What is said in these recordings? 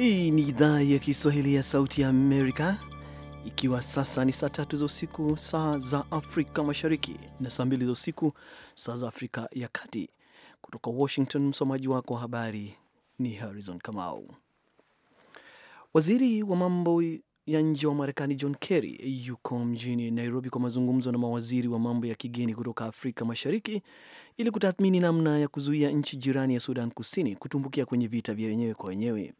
Hii ni idhaa ya Kiswahili ya Sauti ya Amerika, ikiwa sasa ni saa tatu za usiku saa za Afrika Mashariki na saa mbili za usiku saa za Afrika ya Kati. Kutoka Washington, msomaji wako wa habari ni Harrison Kamau. Waziri wa mambo ya nje wa Marekani John Kerry yuko mjini Nairobi kwa mazungumzo na mawaziri wa mambo ya kigeni kutoka Afrika Mashariki ili kutathmini namna ya kuzuia nchi jirani ya Sudan Kusini kutumbukia kwenye vita vya wenyewe kwa wenyewe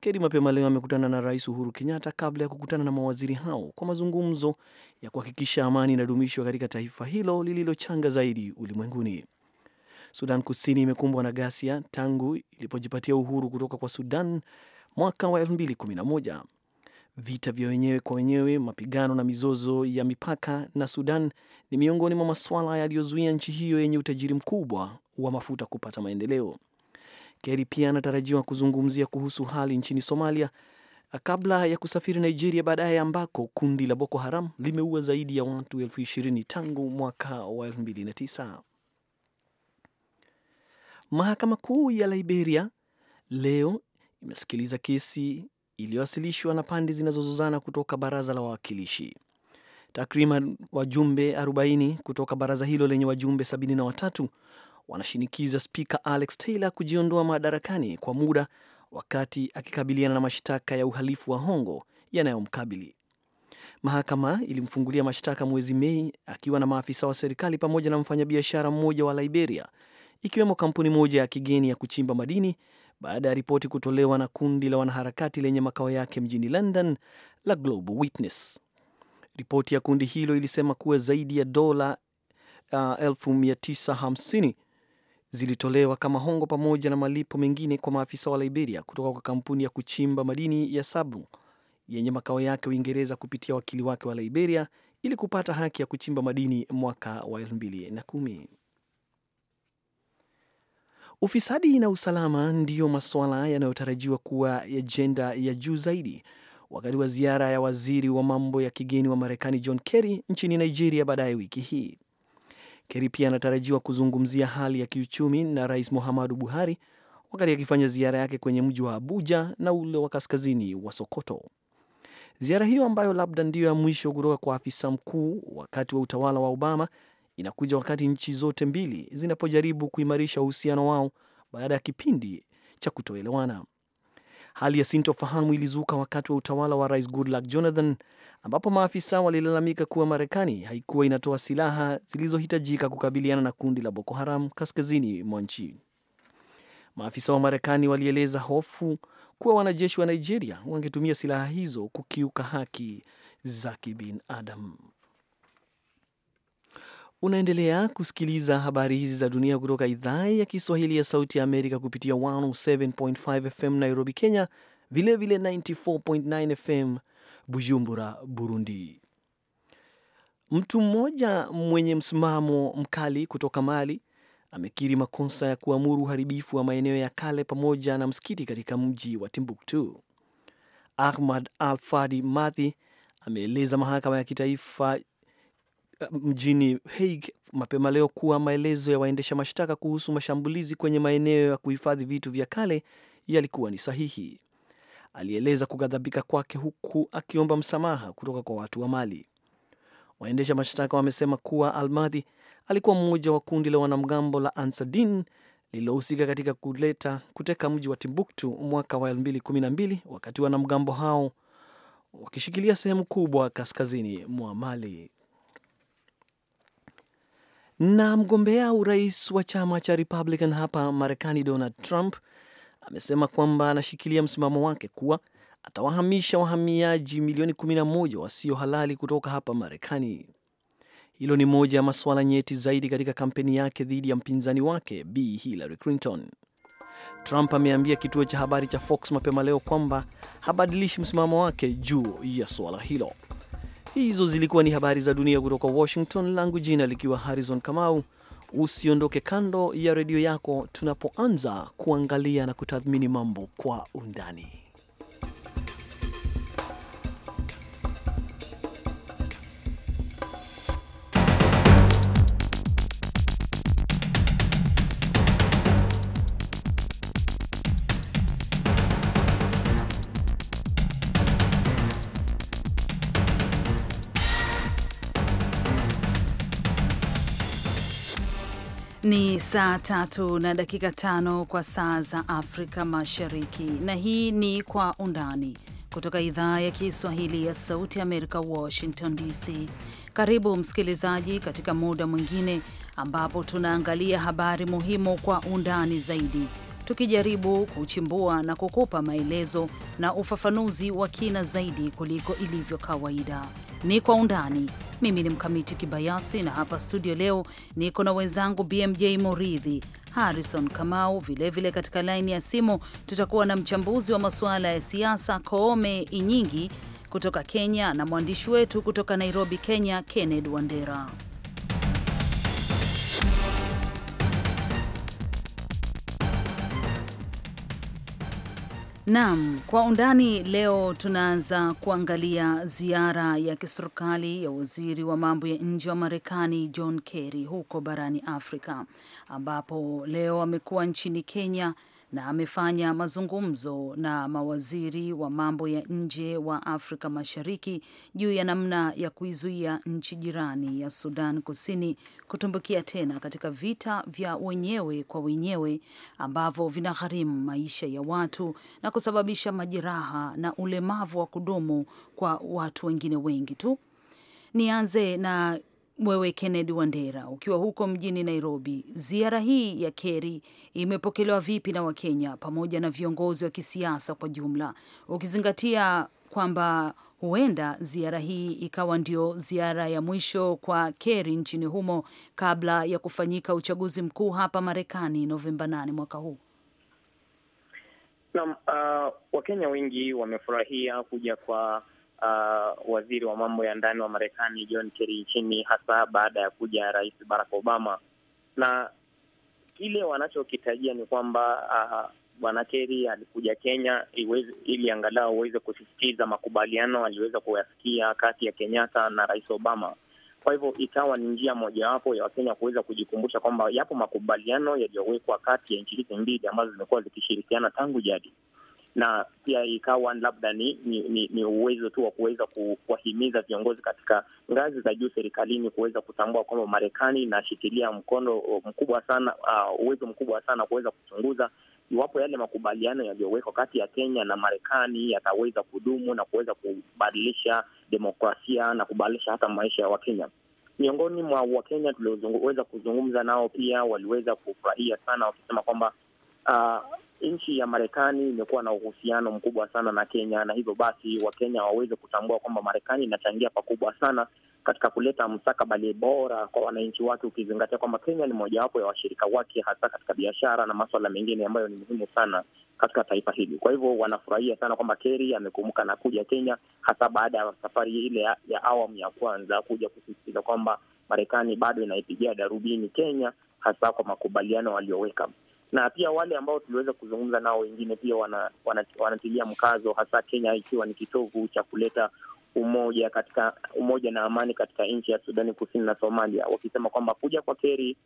keri mapema leo amekutana na Rais Uhuru Kenyatta kabla ya kukutana na mawaziri hao kwa mazungumzo ya kuhakikisha amani inadumishwa katika taifa hilo lililochanga zaidi ulimwenguni. Sudan Kusini imekumbwa na ghasia tangu ilipojipatia uhuru kutoka kwa Sudan mwaka wa 2011. Vita vya wenyewe kwa wenyewe, mapigano na mizozo ya mipaka na Sudan ni miongoni mwa masuala yaliyozuia nchi hiyo yenye utajiri mkubwa wa mafuta kupata maendeleo. Kerry pia anatarajiwa kuzungumzia kuhusu hali nchini Somalia uh, kabla ya kusafiri Nigeria baadaye, ambako kundi la Boko Haram limeua zaidi ya watu elfu ishirini tangu mwaka wa 2009. Mahakama Kuu ya Liberia leo imesikiliza kesi iliyowasilishwa na pande zinazozozana kutoka baraza la wawakilishi. Takriban wajumbe 40 kutoka baraza hilo lenye wajumbe 73 wanashinikiza spika Alex Taylor kujiondoa madarakani kwa muda wakati akikabiliana na mashtaka ya uhalifu wa hongo yanayomkabili. Mahakama ilimfungulia mashtaka mwezi Mei akiwa na maafisa wa serikali pamoja na mfanyabiashara mmoja wa Liberia, ikiwemo kampuni moja ya kigeni ya kuchimba madini baada ya ripoti kutolewa na kundi la wanaharakati lenye makao yake mjini London la Global Witness. Ripoti ya kundi hilo ilisema kuwa zaidi ya dola uh, 950 zilitolewa kama hongo pamoja na malipo mengine kwa maafisa wa Liberia kutoka kwa kampuni ya kuchimba madini ya Sabu yenye makao yake Uingereza kupitia wakili wake wa Liberia ili kupata haki ya kuchimba madini mwaka wa 2010. Ufisadi na usalama ndiyo masuala yanayotarajiwa kuwa ajenda ya juu zaidi wakati wa ziara ya waziri wa mambo ya kigeni wa Marekani John Kerry nchini Nigeria baadaye wiki hii keri pia anatarajiwa kuzungumzia hali ya kiuchumi na Rais Muhammadu Buhari wakati akifanya ziara yake kwenye mji wa Abuja na ule wa kaskazini wa Sokoto. Ziara hiyo ambayo labda ndiyo ya mwisho kutoka kwa afisa mkuu wakati wa utawala wa Obama inakuja wakati nchi zote mbili zinapojaribu kuimarisha uhusiano wao baada ya kipindi cha kutoelewana. Hali ya sintofahamu ilizuka wakati wa utawala wa Rais Goodluck Jonathan, ambapo maafisa walilalamika kuwa Marekani haikuwa inatoa silaha zilizohitajika kukabiliana na kundi la Boko Haram kaskazini mwa nchi. Maafisa wa Marekani walieleza hofu kuwa wanajeshi wa Nigeria wangetumia silaha hizo kukiuka haki za kibinadamu. Unaendelea kusikiliza habari hizi za dunia kutoka idhaa ya Kiswahili ya Sauti ya Amerika kupitia 107.5 FM Nairobi, Kenya, vilevile 94.9 FM Bujumbura, Burundi. Mtu mmoja mwenye msimamo mkali kutoka Mali amekiri makosa ya kuamuru uharibifu wa maeneo ya kale pamoja na msikiti katika mji wa Timbuktu. Ahmad alfadi mathi ameeleza mahakama ya kitaifa mjini Hague mapema leo kuwa maelezo ya waendesha mashtaka kuhusu mashambulizi kwenye maeneo ya kuhifadhi vitu vya kale yalikuwa ni sahihi. Alieleza kughadhabika kwake huku akiomba msamaha kutoka kwa watu wa Mali. Waendesha mashtaka wamesema kuwa Almadhi alikuwa mmoja wa kundi la wanamgambo la Ansadin lililohusika katika kuleta kuteka mji wa Timbuktu mwaka wa 2012 wakati wanamgambo hao wakishikilia sehemu kubwa kaskazini mwa Mali. Na mgombea urais wa chama cha Republican hapa Marekani, Donald Trump amesema kwamba anashikilia msimamo wake kuwa atawahamisha wahamiaji milioni 11 wasio halali kutoka hapa Marekani. Hilo ni moja ya masuala nyeti zaidi katika kampeni yake dhidi ya mpinzani wake b Hillary Clinton. Trump ameambia kituo cha habari cha Fox mapema leo kwamba habadilishi msimamo wake juu ya suala hilo. Hizo zilikuwa ni habari za dunia kutoka Washington, langu jina likiwa Harrison Kamau. Usiondoke kando ya redio yako tunapoanza kuangalia na kutathmini mambo kwa undani. Saa tatu na dakika tano kwa saa za Afrika Mashariki, na hii ni Kwa Undani kutoka idhaa ya Kiswahili ya Sauti ya Amerika, Washington DC. Karibu msikilizaji, katika muda mwingine ambapo tunaangalia habari muhimu kwa undani zaidi tukijaribu kuchimbua na kukupa maelezo na ufafanuzi wa kina zaidi kuliko ilivyo kawaida. Ni kwa undani. Mimi ni Mkamiti Kibayasi na hapa studio leo niko na wenzangu BMJ Moridhi, Harrison Kamau. Vilevile vile katika laini ya simu tutakuwa na mchambuzi wa masuala ya siasa Koome Inyingi kutoka Kenya na mwandishi wetu kutoka Nairobi, Kenya, Kenneth Wandera. Naam, kwa undani leo tunaanza kuangalia ziara ya kiserikali ya waziri wa mambo ya nje wa Marekani John Kerry huko barani Afrika, ambapo leo amekuwa nchini Kenya na amefanya mazungumzo na mawaziri wa mambo ya nje wa Afrika Mashariki juu ya namna ya kuizuia nchi jirani ya Sudan Kusini kutumbukia tena katika vita vya wenyewe kwa wenyewe ambavyo vinagharimu maisha ya watu na kusababisha majeraha na ulemavu wa kudumu kwa watu wengine wengi tu. Nianze na wewe Kennedy Wandera, ukiwa huko mjini Nairobi, ziara hii ya keri imepokelewa vipi na Wakenya pamoja na viongozi wa kisiasa kwa jumla, ukizingatia kwamba huenda ziara hii ikawa ndio ziara ya mwisho kwa keri nchini humo kabla ya kufanyika uchaguzi mkuu hapa Marekani Novemba 8 mwaka huu? Naam, uh, Wakenya wengi wamefurahia kuja kwa uh, waziri wa mambo ya ndani wa Marekani John Kerry nchini, hasa baada ya kuja Rais Barack Obama, na kile wanachokitajia ni kwamba uh, Bwana Kerry alikuja Kenya iweze, ili angalau aweze kusisitiza makubaliano aliweza kuyafikia kati ya Kenyatta na Rais Obama. Kwa hivyo ikawa ni njia mojawapo ya Wakenya kuweza kujikumbusha kwamba yapo makubaliano yaliyowekwa kati ya nchi hizi mbili ambazo zimekuwa zikishirikiana tangu jadi na pia ikawa labda ni ni, ni, ni uwezo tu wa kuweza kuwahimiza viongozi katika ngazi za juu serikalini kuweza kutambua kwamba Marekani inashikilia mkondo mkubwa sana uh, uwezo mkubwa sana kuweza kuchunguza iwapo yale makubaliano yaliyowekwa kati ya Kenya na Marekani yataweza kudumu na kuweza kubadilisha demokrasia na kubadilisha hata maisha ya Wakenya. Miongoni mwa Wakenya tulioweza kuzungumza nao pia waliweza kufurahia sana, wakisema kwamba uh, nchi ya Marekani imekuwa na uhusiano mkubwa sana na Kenya, na hivyo basi Wakenya waweze kutambua kwamba Marekani inachangia pakubwa sana katika kuleta mstakabali bora kwa wananchi wake, ukizingatia kwamba Kenya ni mojawapo ya washirika wake, hasa katika biashara na maswala mengine ambayo ni muhimu sana katika taifa hili. Kwa hivyo wanafurahia sana kwamba keri amekumbuka na kuja Kenya, hasa baada ya safari ile ya, ya awamu ya kwanza kuja kusisitiza kwamba Marekani bado inaipigia darubini Kenya, hasa kwa makubaliano walioweka na pia wale ambao tuliweza kuzungumza nao wengine pia wanatilia wana, wana mkazo hasa Kenya ikiwa ni kitovu cha kuleta umoja katika umoja na amani katika nchi ya Sudani Kusini na Somalia, wakisema kwamba kuja kwa Keri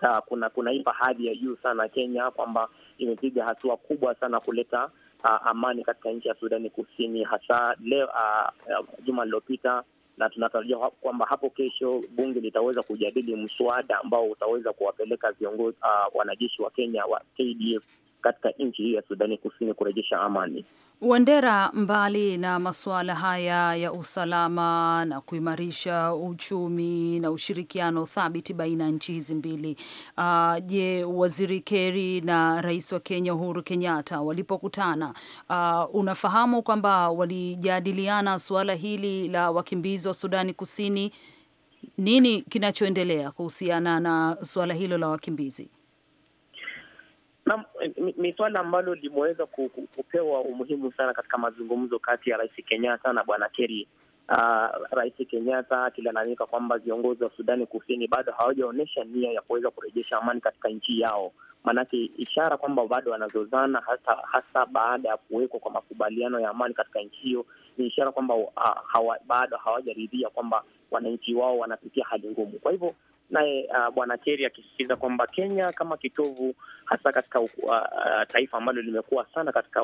ta, kuna kunaipa hadhi ya juu sana Kenya kwamba imepiga hatua kubwa sana kuleta uh, amani katika nchi ya Sudani Kusini hasa leo uh, uh, juma lililopita na tunatarajia kwamba hapo kesho bunge litaweza kujadili mswada ambao utaweza kuwapeleka viongozi uh, wanajeshi wa Kenya wa KDF katika nchi hii ya Sudani Kusini kurejesha amani. Wandera, mbali na masuala haya ya usalama na kuimarisha uchumi na ushirikiano thabiti baina ya nchi hizi mbili, uh, je, waziri keri na rais wa Kenya Uhuru Kenyatta walipokutana, uh, unafahamu kwamba walijadiliana suala hili la wakimbizi wa Sudani Kusini? Nini kinachoendelea kuhusiana na suala hilo la wakimbizi? ni swala ambalo limeweza kupewa umuhimu sana katika mazungumzo kati ya Rais Kenyatta na Bwana Keri. Uh, ah, Rais Kenyatta akilalamika kwamba viongozi wa Sudani Kusini bado hawajaonyesha nia ya kuweza kurejesha amani katika nchi yao, maanake ishara kwamba bado wanazozana, hasa hasa baada ya kuwekwa kwa makubaliano ya amani katika nchi hiyo, ni ishara kwamba uh, hawa, bado hawajaridhia kwamba wananchi wao wanapitia hali ngumu. Kwa hivyo naye uh, Bwana Kerry akisisitiza kwamba Kenya kama kitovu hasa katika uh, uh, taifa ambalo limekuwa sana katika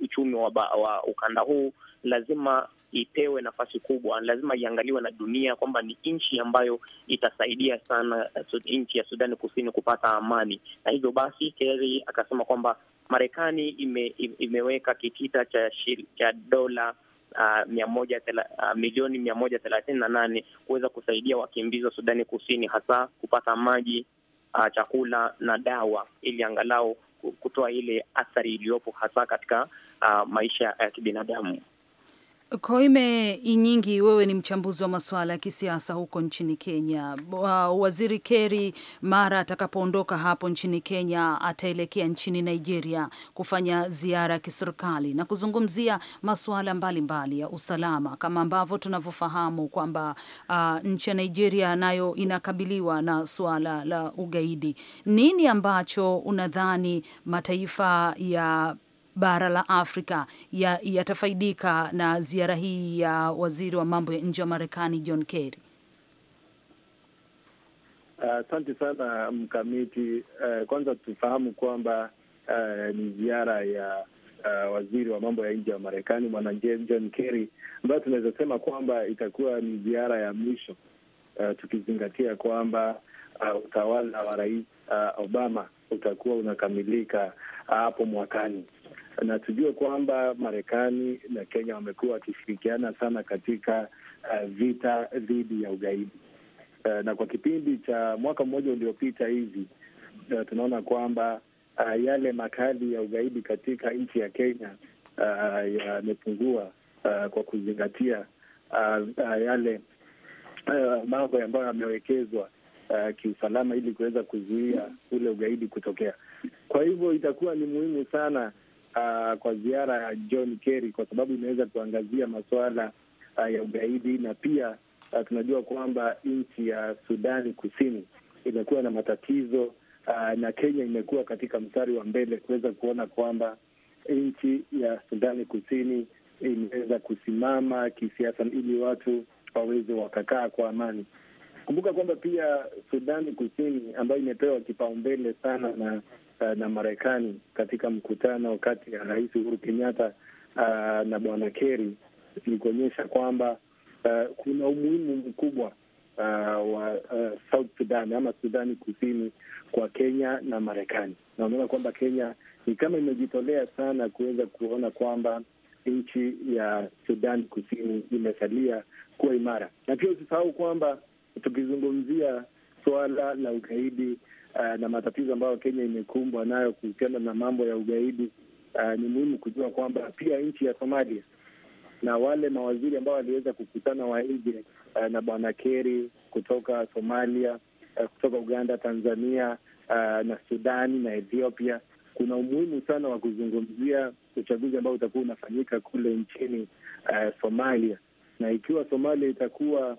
uchumi wa, wa ukanda huu lazima ipewe nafasi kubwa, lazima iangaliwe na dunia kwamba ni nchi ambayo itasaidia sana uh, nchi ya Sudani Kusini kupata amani. Na hivyo basi, Kerry akasema kwamba Marekani ime, imeweka kitita cha, cha dola Uh, uh, milioni mia moja thelathini na nane kuweza kusaidia wakimbizi wa Sudani Kusini, hasa kupata maji, uh, chakula na dawa, ili angalau kutoa ile athari iliyopo hasa katika uh, maisha ya uh, kibinadamu. Koime Inyingi, wewe ni mchambuzi wa masuala ya kisiasa huko nchini Kenya. Waziri Keri mara atakapoondoka hapo nchini Kenya ataelekea nchini Nigeria kufanya ziara ya kiserikali na kuzungumzia masuala mbalimbali ya usalama, kama ambavyo tunavyofahamu kwamba uh, nchi ya Nigeria nayo inakabiliwa na suala la ugaidi. Nini ambacho unadhani mataifa ya bara la Afrika yatafaidika ya na ziara hii ya waziri wa mambo ya nje wa Marekani John Kerry? Asante uh, sana mkamiti. Uh, kwanza tufahamu kwamba uh, ni ziara ya Uh, waziri wa mambo ya nje wa Marekani bwana John Kerry ambayo tunaweza sema kwamba itakuwa ni ziara ya mwisho uh, tukizingatia kwamba uh, utawala wa rais uh, Obama utakuwa unakamilika hapo uh, mwakani na tujue kwamba Marekani na Kenya wamekuwa wakishirikiana sana katika uh, vita dhidi ya ugaidi uh, na kwa kipindi cha mwaka mmoja uliopita hivi uh, tunaona kwamba uh, yale makali ya ugaidi katika nchi ya Kenya uh, yamepungua uh, kwa kuzingatia uh, uh, yale uh, mambo ambayo yamewekezwa uh, kiusalama ili kuweza kuzuia ule ugaidi kutokea. Kwa hivyo itakuwa ni muhimu sana uh, kwa ziara ya John Kerry kwa sababu imeweza kuangazia masuala uh, ya ugaidi na pia uh, tunajua kwamba nchi ya Sudani Kusini imekuwa na matatizo uh, na Kenya imekuwa katika mstari wa mbele kuweza kuona kwamba nchi ya Sudani Kusini imeweza kusimama kisiasa ili watu waweze wakakaa kwa amani. Kumbuka kwamba pia Sudani Kusini ambayo imepewa kipaumbele sana na uh, na Marekani katika mkutano kati ya Rais Uhuru Kenyatta uh, na Bwana Kerry ni kuonyesha kwamba uh, kuna umuhimu mkubwa uh, wa uh, South Sudan ama Sudani Kusini kwa Kenya na Marekani, na unaona kwamba Kenya ni kama imejitolea sana kuweza kuona kwamba nchi ya Sudan Kusini imesalia kuwa imara, na pia usisahau kwamba tukizungumzia suala la ugaidi uh, na matatizo ambayo Kenya imekumbwa nayo kuhusiana na mambo ya ugaidi uh, ni muhimu kujua kwamba pia nchi ya Somalia na wale mawaziri ambao waliweza kukutana wa nje uh, na bwana keri kutoka Somalia uh, kutoka Uganda, Tanzania uh, na Sudani na Ethiopia kuna umuhimu sana wa kuzungumzia uchaguzi ambao utakuwa unafanyika kule nchini uh, Somalia, na ikiwa Somalia itakuwa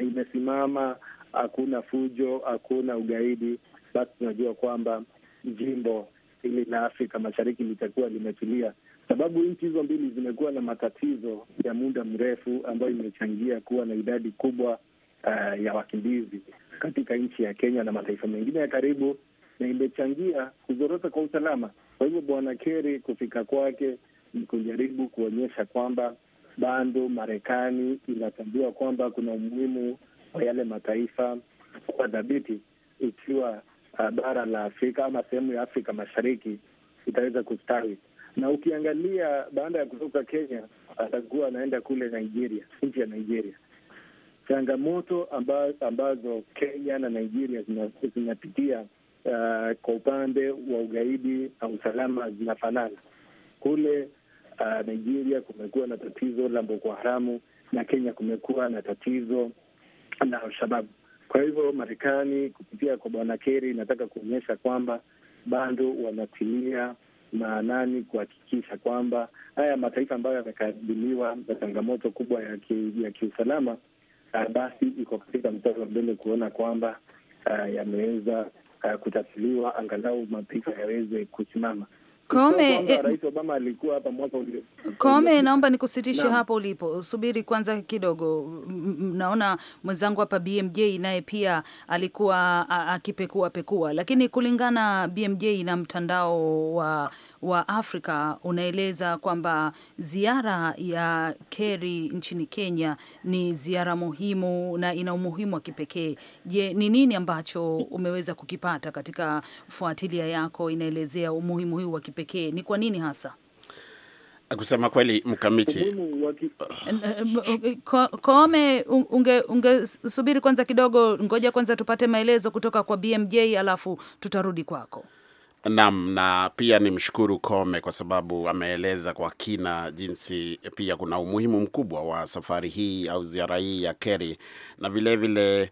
imesimama hakuna fujo, hakuna ugaidi, basi tunajua kwamba jimbo hili la Afrika Mashariki litakuwa limetulia, sababu nchi hizo mbili zimekuwa na matatizo ya muda mrefu ambayo imechangia kuwa na idadi kubwa uh, ya wakimbizi katika nchi ya Kenya na mataifa mengine ya karibu, na imechangia kuzorota kwa usalama. Kwa hivyo Bwana keri kufika kwake ni kujaribu kuonyesha kwamba bado Marekani inatambua kwamba kuna umuhimu kwa yale mataifa kwa dhabiti, ikiwa uh, bara la Afrika ama sehemu ya Afrika Mashariki itaweza kustawi. Na ukiangalia baada ya kutoka Kenya, atakuwa anaenda kule Nigeria, nchi ya Nigeria, changamoto ambazo, ambazo Kenya na Nigeria zinapitia uh, kwa upande wa ugaidi na usalama zinafanana kule uh, Nigeria kumekuwa na tatizo la Boko Haramu na Kenya kumekuwa na tatizo na Alshababu. Kwa hivyo Marekani kupitia kwa bwana keri inataka kuonyesha kwamba bado wanatilia maanani kuhakikisha kwamba haya mataifa ambayo yamekabiliwa na changamoto kubwa ya, ki, ya kiusalama uh, basi iko katika mstari wa mbele kuona kwamba uh, yameweza uh, kutatuliwa, angalau mataifa yaweze kusimama. Kome, eh, Kome, naomba nikusitishe na hapo ulipo, subiri kwanza kidogo. Naona mwenzangu hapa BMJ naye pia alikuwa akipekua pekua, lakini kulingana BMJ na mtandao wa wa Afrika unaeleza kwamba ziara ya Kerry nchini Kenya ni ziara muhimu na ina umuhimu wa kipekee. Je, ni nini ambacho umeweza kukipata katika fuatilia yako inaelezea umuhimu huu wa kipekee? Ni kwa nini hasa? Kusema kweli mkamiti Koome, unge ungesubiri kwanza kidogo, ngoja kwanza tupate maelezo kutoka kwa BMJ alafu tutarudi kwako. Naam, na pia mshukuru Kome kwa sababu ameeleza kwa kina jinsi pia kuna umuhimu mkubwa wa safari hii au ziara hii ya Kerry na vilevile vile,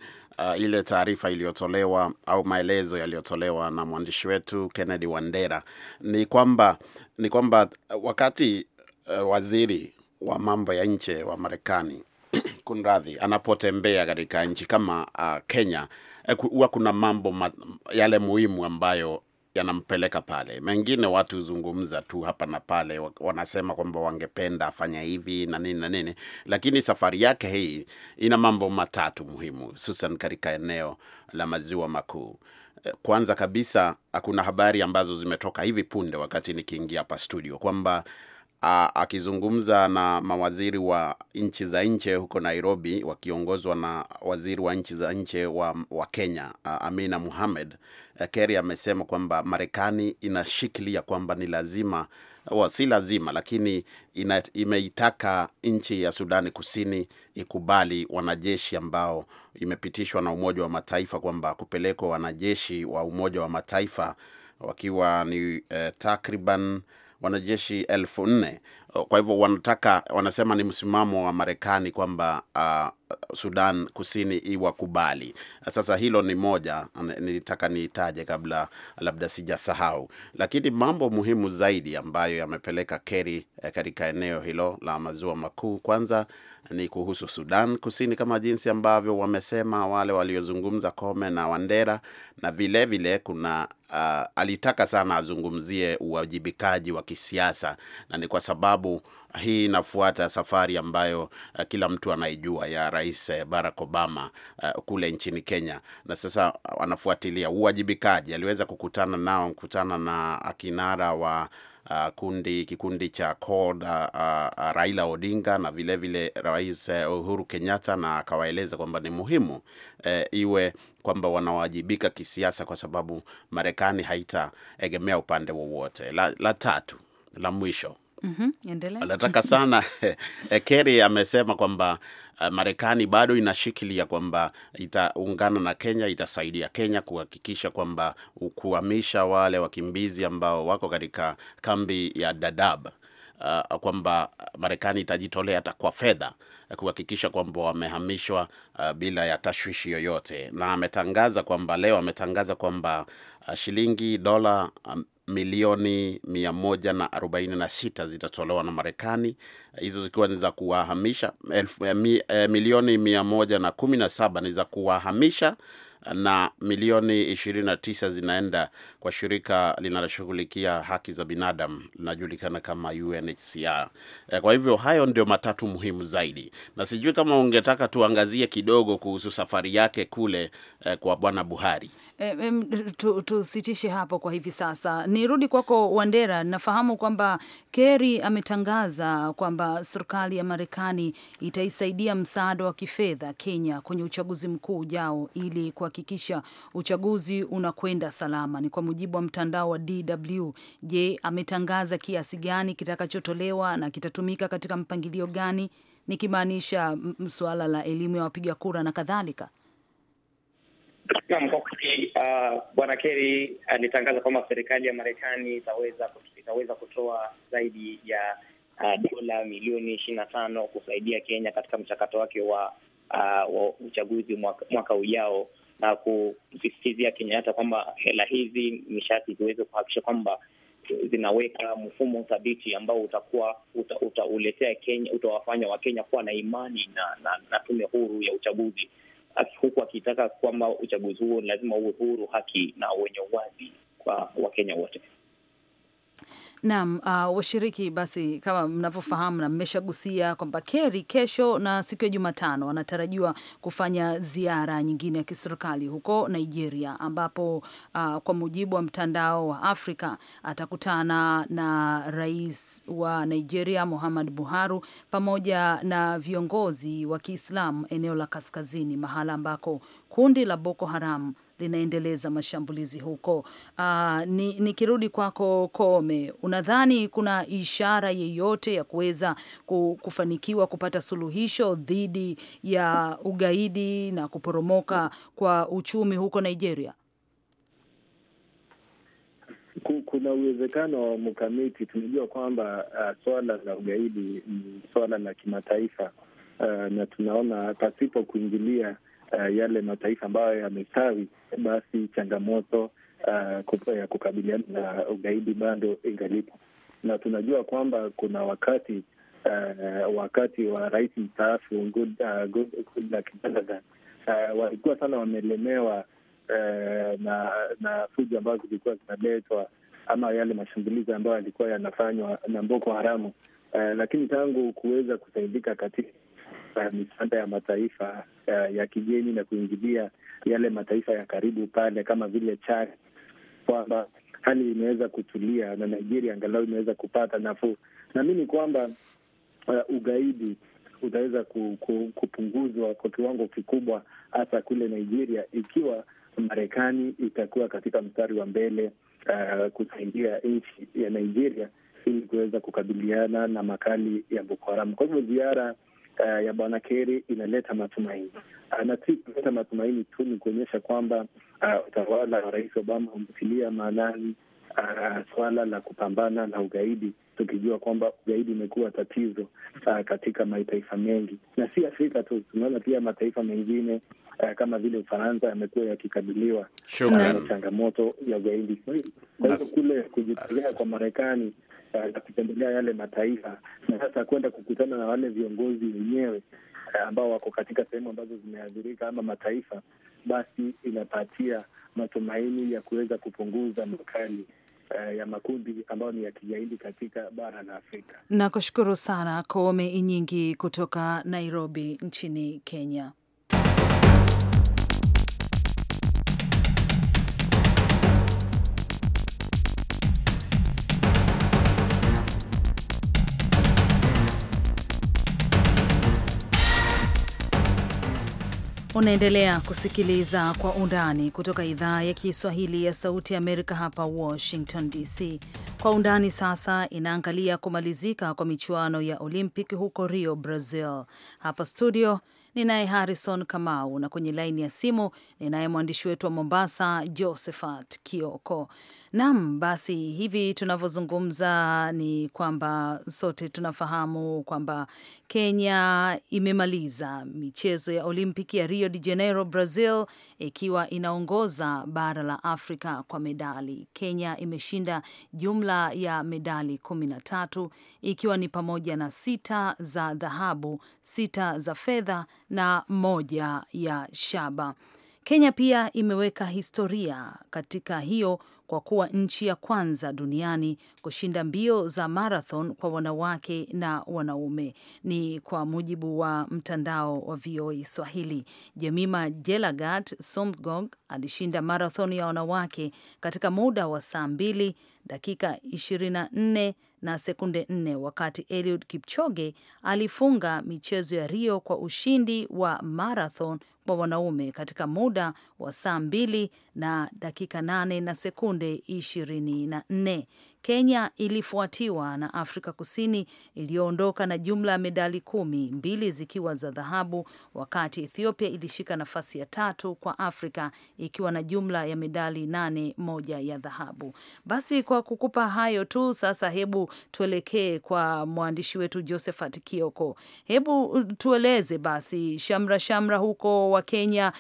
uh, ile taarifa iliyotolewa au maelezo yaliyotolewa na mwandishi wetu Kennedy Wandera ni kwamba ni kwamba wakati uh, waziri wa mambo ya nje wa Marekani kunradhi, anapotembea katika nchi kama uh, Kenya eh, huwa kuna mambo ma, yale muhimu ambayo yanampeleka pale. Mengine watu huzungumza tu hapa na pale, wanasema kwamba wangependa afanya hivi na nini na nini, lakini safari yake hii ina mambo matatu muhimu, hususan katika eneo la maziwa makuu. Eh, kwanza kabisa, kuna habari ambazo zimetoka hivi punde wakati nikiingia hapa studio kwamba akizungumza na mawaziri wa nchi za nje huko Nairobi wakiongozwa na waziri wa nchi za nje wa, wa Kenya a, Amina Mohamed, eh, Kerry amesema kwamba Marekani inashikilia kwamba ni lazima wa, si lazima lakini ina, imeitaka nchi ya Sudani Kusini ikubali wanajeshi ambao imepitishwa na Umoja wa Mataifa kwamba kupelekwa wanajeshi wa Umoja wa Mataifa wakiwa ni eh, takriban wanajeshi elfu nne kwa hivyo wanataka, wanasema ni msimamo wa Marekani kwamba uh, Sudan Kusini iwakubali. Sasa hilo ni moja nilitaka niitaje kabla labda sijasahau, lakini mambo muhimu zaidi ambayo yamepeleka keri eh, katika eneo hilo la maziwa makuu, kwanza ni kuhusu Sudan Kusini kama jinsi ambavyo wamesema wale waliozungumza Kome na Wandera, na vilevile vile kuna uh, alitaka sana azungumzie uwajibikaji wa kisiasa na ni kwa sababu sababu hii inafuata safari ambayo eh, kila mtu anaijua ya Rais eh, Barack Obama uh, kule nchini Kenya, na sasa anafuatilia uwajibikaji. Aliweza kukutana nao, kukutana na akinara wa Uh, kundi kikundi cha CORD uh, uh, Raila Odinga na vilevile vile Rais Uhuru Kenyatta, na akawaeleza kwamba ni muhimu uh, iwe kwamba wanawajibika kisiasa, kwa sababu Marekani haitaegemea upande wowote. La, la tatu la mwisho Mm -hmm, anataka sana eh, Kerry amesema kwamba eh, Marekani bado inashikilia kwamba itaungana na Kenya, itasaidia Kenya kuhakikisha kwamba kuhamisha wale wakimbizi ambao wako katika kambi ya Dadaab uh, kwamba Marekani itajitolea hata kwa fedha eh, kuhakikisha kwamba wamehamishwa uh, bila ya tashwishi yoyote, na ametangaza kwamba leo ametangaza kwamba ah, shilingi dola milioni 146 zitatolewa na Marekani, hizo zikiwa ni za kuwahamisha, eh, eh, milioni 117 ni za kuwahamisha na milioni 29 zinaenda kwa shirika linaloshughulikia haki za binadamu linajulikana kama UNHCR. Eh, kwa hivyo hayo ndio matatu muhimu zaidi, na sijui kama ungetaka tuangazie kidogo kuhusu safari yake kule eh, kwa bwana Buhari. E, tusitishe tu hapo kwa hivi sasa, nirudi kwako Wandera. Nafahamu kwamba Kerry ametangaza kwamba serikali ya Marekani itaisaidia msaada wa kifedha Kenya kwenye uchaguzi mkuu ujao ili kuhakikisha uchaguzi unakwenda salama. Ni kwa mujibu wa mtandao wa DW. Je, ametangaza kiasi gani kitakachotolewa na kitatumika katika mpangilio gani, nikimaanisha suala la elimu ya wapiga kura na kadhalika? Naam, kwa kweli uh, bwana Kerry alitangaza ah, kwamba serikali ya Marekani itaweza itaweza kutoa zaidi ya uh, dola milioni ishirini na tano kusaidia Kenya katika mchakato wake wa, uh, wa uchaguzi mwaka, mwaka ujao na kusisitizia Kenyatta kwamba hela hizi ni sharti ziweze kuhakikisha kwamba zinaweka mfumo thabiti ambao utakuwa utauletea uta Kenya, utawafanya Wakenya kuwa na imani na, na, na tume huru ya uchaguzi, huku akitaka kwamba uchaguzi huo lazima uwe huru, haki na wenye uwazi kwa Wakenya wote. Naam, uh, washiriki basi, kama mnavyofahamu na mmeshagusia kwamba Keri kesho na siku ya Jumatano anatarajiwa kufanya ziara nyingine ya kiserikali huko Nigeria, ambapo uh, kwa mujibu wa mtandao wa Afrika atakutana na rais wa Nigeria Muhammad Buhari pamoja na viongozi wa Kiislamu eneo la kaskazini, mahala ambako kundi la Boko Haram linaendeleza mashambulizi huko. Ah, nikirudi ni, kwako Kome, unadhani kuna ishara yeyote ya kuweza kufanikiwa kupata suluhisho dhidi ya ugaidi na kuporomoka kwa uchumi huko Nigeria? Kuna uwezekano wa mkamiti. Tunajua kwamba uh, swala la ugaidi ni swala la kimataifa uh, na tunaona pasipo kuingilia uh, yale mataifa ambayo yamestawi, basi changamoto uh, ya kukabiliana na ugaidi bado ingalipo, na tunajua kwamba kuna wakati uh, wakati wa rais mstaafu Goodluck Jonathan uh, walikuwa sana wamelemewa uh, na na fujo ambazo zilikuwa zinaletwa ama yale mashambulizi ambayo yalikuwa yanafanywa na Boko Haramu uh, lakini tangu kuweza kusaidika katika mataifa misaada ya mataifa ya, eh, ya kigeni na kuingilia yale mataifa ya karibu pale kama vile Chad, kwamba hali imeweza kutulia na Nigeria angalau imeweza kupata nafuu. Naamini kwamba uh, ugaidi utaweza ku, ku, kupunguzwa kwa kiwango kikubwa, hasa kule Nigeria, ikiwa Marekani itakuwa katika mstari wa mbele uh, kusaidia nchi ya Nigeria ili kuweza kukabiliana na makali ya Boko Haram. Kwa hivyo ziara uh, ya bwana Keri inaleta matumaini uh, na si kuleta matumaini tu, ni kuonyesha kwamba eh, utawala wa rais Obama umetilia maanani uh, swala la kupambana na ugaidi, tukijua kwamba ugaidi umekuwa tatizo uh, katika mataifa mengi, na si Afrika tu, tunaona pia mataifa mengine uh, kama vile Ufaransa yamekuwa yakikabiliwa na changamoto ya ugaidi. Kwa hivyo kule kujitolea kwa Marekani ya kutembelea yale mataifa na sasa kwenda kukutana na wale viongozi wenyewe eh, ambao wako katika sehemu ambazo zimeathirika ama mataifa, basi inapatia matumaini ya kuweza kupunguza makali eh, ya makundi ambayo ni ya kigaidi katika bara la Afrika. Nakushukuru sana Koome Inyingi kutoka Nairobi nchini Kenya. Unaendelea kusikiliza Kwa Undani kutoka idhaa ya Kiswahili ya Sauti ya Amerika, hapa Washington DC. Kwa Undani sasa inaangalia kumalizika kwa michuano ya Olympic huko Rio, Brazil. Hapa studio ninaye Harrison Kamau na kwenye laini ya simu ninaye mwandishi wetu wa Mombasa, Josephat Kioko. Naam, basi hivi tunavyozungumza ni kwamba sote tunafahamu kwamba Kenya imemaliza michezo ya Olimpiki ya Rio de Janeiro, Brazil, ikiwa inaongoza bara la Afrika kwa medali. Kenya imeshinda jumla ya medali kumi na tatu ikiwa ni pamoja na sita za dhahabu, sita za fedha na moja ya shaba. Kenya pia imeweka historia katika hiyo kwa kuwa nchi ya kwanza duniani kushinda mbio za marathon kwa wanawake na wanaume, ni kwa mujibu wa mtandao wa VOA Swahili. Jemima Jelagat Somgog alishinda marathon ya wanawake katika muda wa saa mbili dakika 24 na sekunde 4 wakati Eliud Kipchoge alifunga michezo ya Rio kwa ushindi wa marathon kwa wanaume katika muda wa saa 2 na dakika 8 na sekunde 24. Kenya ilifuatiwa na Afrika Kusini iliyoondoka na jumla ya medali kumi, mbili zikiwa za dhahabu, wakati Ethiopia ilishika nafasi ya tatu kwa Afrika ikiwa na jumla ya medali nane, moja ya dhahabu. Basi kwa kukupa hayo tu, sasa hebu tuelekee kwa mwandishi wetu Josephat Kioko. Hebu tueleze basi, shamra shamra huko wa Kenya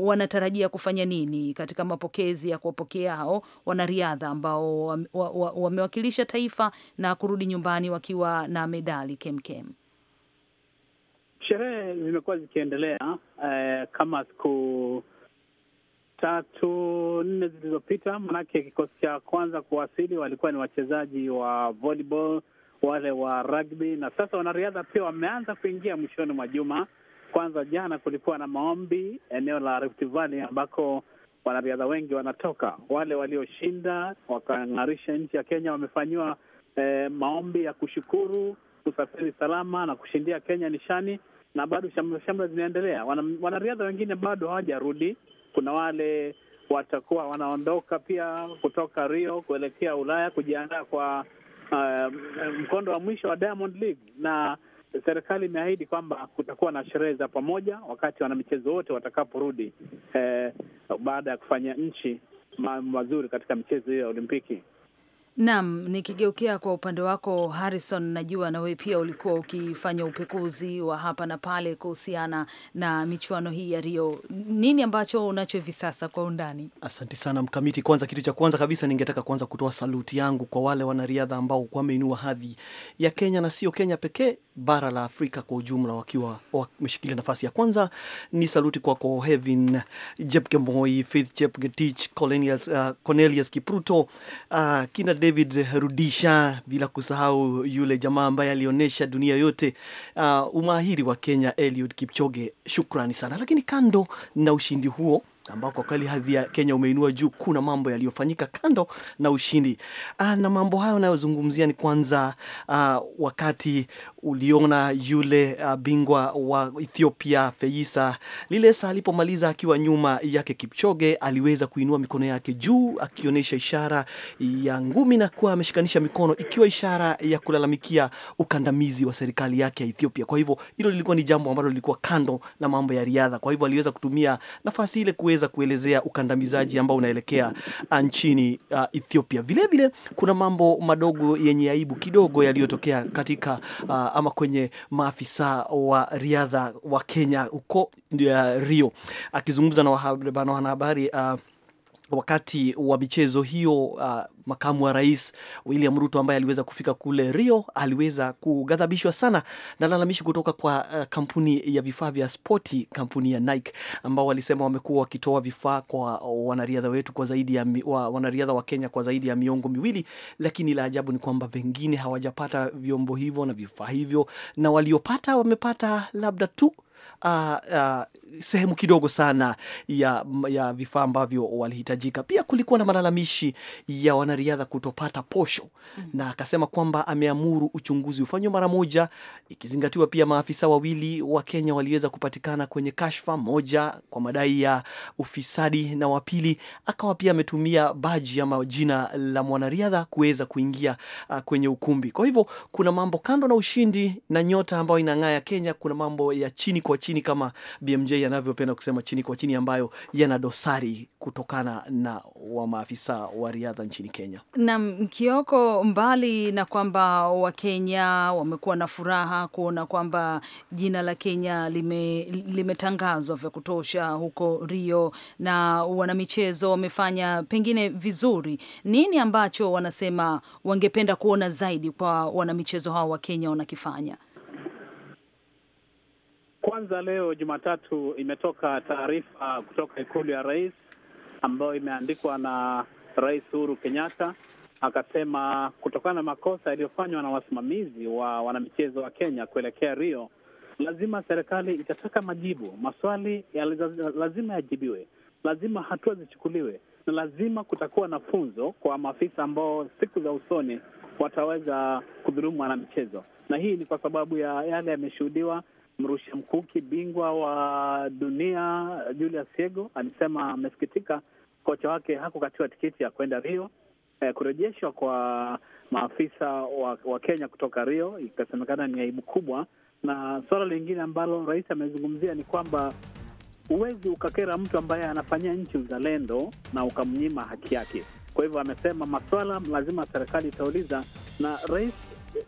wanatarajia kufanya nini katika mapokezi ya kuwapokea hao wanariadha ambao wa, wa, wa, wamewakilisha taifa na kurudi nyumbani wakiwa na medali kemkem. Sherehe zimekuwa zikiendelea eh, kama siku tatu nne zilizopita, manake kikosi cha kwanza kuwasili walikuwa ni wachezaji wa volleyball, wale wa rugby, na sasa wanariadha pia wameanza kuingia mwishoni mwa juma. Kwanza jana kulikuwa na maombi eneo la Rift Valley ambako wanariadha wengi wanatoka. Wale walioshinda wakang'arisha nchi ya Kenya wamefanyiwa eh, maombi ya kushukuru, kusafiri salama na kushindia Kenya nishani, na bado shamra shamra zinaendelea. wanariadha wengine bado hawajarudi. Kuna wale watakuwa wanaondoka pia kutoka Rio kuelekea Ulaya kujiandaa kwa uh, mkondo wa mwisho wa Diamond League na serikali imeahidi kwamba kutakuwa na sherehe za pamoja wakati wanamichezo wote watakaporudi, eh, baada ya kufanya nchi mazuri katika michezo hiyo ya Olimpiki. Naam, nikigeukia kwa upande wako Harrison, najua na wewe pia ulikuwa ukifanya upekuzi wa hapa na pale kuhusiana na michuano hii ya Rio. Nini ambacho unacho hivi sasa kwa undani? Asante sana Mkamiti. Kwanza, kitu cha kwanza kabisa ningetaka kwanza kutoa saluti yangu kwa wale wanariadha ambao wameinua hadhi ya Kenya na sio Kenya pekee, bara la Afrika kwa ujumla, wakiwa wameshikilia nafasi ya kwanza. Ni saluti kwako Hevin Jepkemoi, Faith uh, Cornelius Kipruto, uh, Kina David Rudisha, bila kusahau yule jamaa ambaye alionyesha dunia yote uh, umahiri wa Kenya Eliud Kipchoge. Shukrani sana. Lakini kando na ushindi huo ambao kwa kweli hadhi ya Kenya umeinua juu. Kuna mambo yaliyofanyika kando na ushindi aa, ah, na mambo hayo nayozungumzia ni kwanza aa, ah, wakati uliona yule aa, ah, bingwa wa Ethiopia Feisa Lilesa alipomaliza akiwa nyuma yake Kipchoge, aliweza kuinua mikono yake juu akionyesha ishara ya ngumi na kuwa ameshikanisha mikono ikiwa ishara ya kulalamikia ukandamizi wa serikali yake ya Ethiopia. Kwa hivyo hilo lilikuwa ni jambo ambalo lilikuwa kando na mambo ya riadha, kwa hivyo aliweza kutumia nafasi ile kuweza kuweza kuelezea ukandamizaji ambao unaelekea uh, nchini uh, Ethiopia. Vilevile vile, kuna mambo madogo yenye aibu kidogo yaliyotokea katika uh, ama kwenye maafisa wa riadha wa Kenya huko uh, Rio, akizungumza na wanahabari uh, wakati wa michezo hiyo uh, makamu wa rais William Ruto ambaye aliweza kufika kule Rio aliweza kughadhabishwa sana na lalamishi kutoka kwa uh, kampuni ya vifaa vya spoti, kampuni ya Nike ambao walisema wamekuwa wakitoa vifaa kwa wanariadha wetu kwa zaidi ya wa, wanariadha wa Kenya kwa zaidi ya miongo miwili, lakini la ajabu ni kwamba vengine hawajapata vyombo hivyo na vifaa hivyo, na waliopata wamepata labda tu uh, uh, sehemu kidogo sana ya, ya vifaa ambavyo walihitajika. Pia kulikuwa na malalamishi ya wanariadha kutopata posho mm -hmm. na akasema kwamba ameamuru uchunguzi ufanywe mara moja, ikizingatiwa pia maafisa wawili wa Kenya waliweza kupatikana kwenye kashfa moja kwa madai ya ufisadi na wapili akawa pia ametumia baji ama jina la mwanariadha kuweza kuingia uh, kwenye ukumbi. Kwa hivyo kuna mambo kando na ushindi na nyota ambayo inang'aa ya Kenya, kuna mambo ya chini kwa chini, kama BMJ anavyopenda kusema chini kwa chini, ambayo yana dosari kutokana na wa maafisa wa riadha nchini Kenya. Naam, Kioko, mbali na kwamba Wakenya wamekuwa na furaha kuona kwamba jina la Kenya limetangazwa lime vya kutosha huko Rio na wanamichezo wamefanya pengine vizuri, nini ambacho wanasema wangependa kuona zaidi kwa wanamichezo hao wa Kenya wanakifanya? Kwanza leo Jumatatu imetoka taarifa kutoka ikulu ya rais ambayo imeandikwa na Rais Uhuru Kenyatta. Akasema kutokana na makosa yaliyofanywa na wasimamizi wa wanamichezo wa Kenya kuelekea Rio, lazima serikali itataka majibu, maswali ya lazima yajibiwe, lazima hatua zichukuliwe, na lazima kutakuwa na funzo kwa maafisa ambao siku za usoni wataweza kudhulumu wanamichezo, na hii ni kwa sababu ya yale yameshuhudiwa mrusha mkuki bingwa wa dunia Julius Yego alisema amesikitika kocha wake hakukatiwa tikiti ya kwenda Rio. Eh, kurejeshwa kwa maafisa wa, wa Kenya kutoka Rio ikasemekana ni aibu kubwa, na suala lingine ambalo rais amezungumzia ni kwamba huwezi ukakera mtu ambaye anafanyia nchi uzalendo na ukamnyima haki yake. Kwa hivyo amesema maswala lazima serikali itauliza, na Rais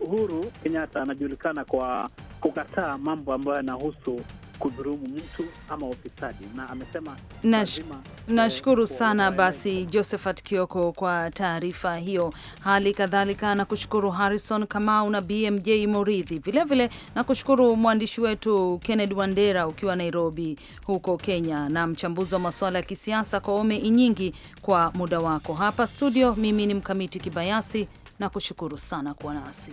Uhuru Kenyatta anajulikana kwa kukataa mambo ambayo yanahusu kudhurumu mtu ama ufisadi na amesema eh, nashukuru sana basi Josephat Kioko kwa taarifa hiyo. Hali kadhalika na kushukuru Harrison Kamau na BMJ Moridhi, vilevile na kushukuru mwandishi wetu Kennedy Wandera ukiwa Nairobi huko Kenya, na mchambuzi wa masuala ya kisiasa ome Inyingi kwa muda wako hapa studio. Mimi ni Mkamiti Kibayasi na kushukuru sana kuwa nasi.